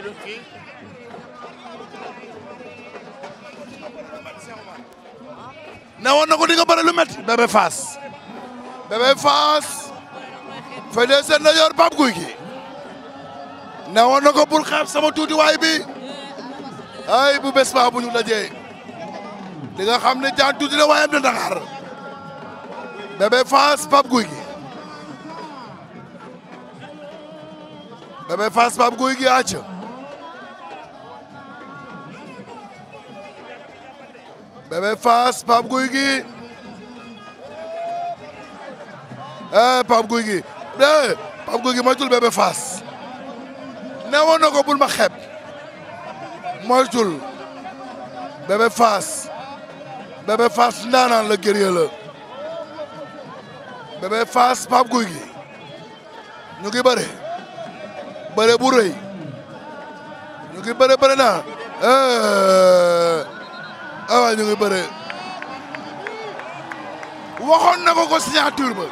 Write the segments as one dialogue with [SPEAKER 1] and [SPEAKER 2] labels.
[SPEAKER 1] kii ne woon na ko di nga bëri lu métti Bébé Fass Bébé Fass fede seen na yor ne woon na ko bul xaab sama tuuti waay bi ay bu bés ba bu ñu dajee di nga xam ne jaan tuuti la waaye am na Dakar Bébé Fass Pape Gouye Gui Bébé Fass Pape Gouye Gui Bébé Fass Pape Guy gi eh Pape Guy gi eh Pape Guy gi moytul Bébé Fass newoon na ko bul ma xeeb moytul Bébé Fass Bébé Fass la guerrier la Bébé Fass Guy gi ñu ngi bëre bu rëy ñu ngi bëre bëre naa eh. ay ah waay ñu ngi bëree waxoon na ko ko signature ba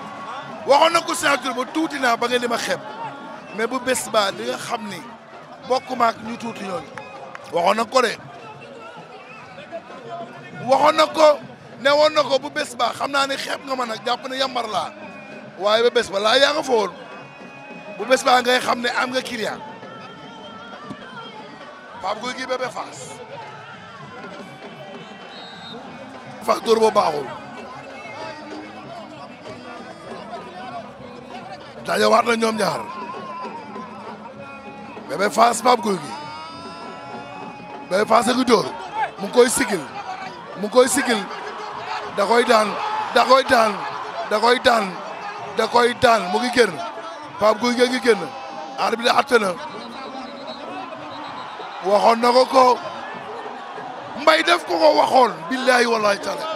[SPEAKER 1] waxoon na ko signature ba tuuti naa ba ngeen di ma xeeb mais bu bés ba li xam ni bokk maak ñu tuuti ñooñu waxoon na ko de waxoon na ko ne woon na ko bu bés ba xam naa ne xeeb nga ma nag jàpp ne yambar laa waaye ba bes ba laa yaa nga fa woon bu bés ba ngay xam ne am nga client Pape Gouye Gui Bébé Fass fax dóor ba baaxul dajawaat na ñoom ñaar Bébé Fass Pape Gouye Gui Bébé Fass a ngi dóor mu koy sigil mu koy sigil da koy daan da koy daan da koy daan mu ngi génn Pape Gouye Gui ngi génn arbitre bi na waxoon na ko mbay def ko ko waxoon billaahi wallaahi taala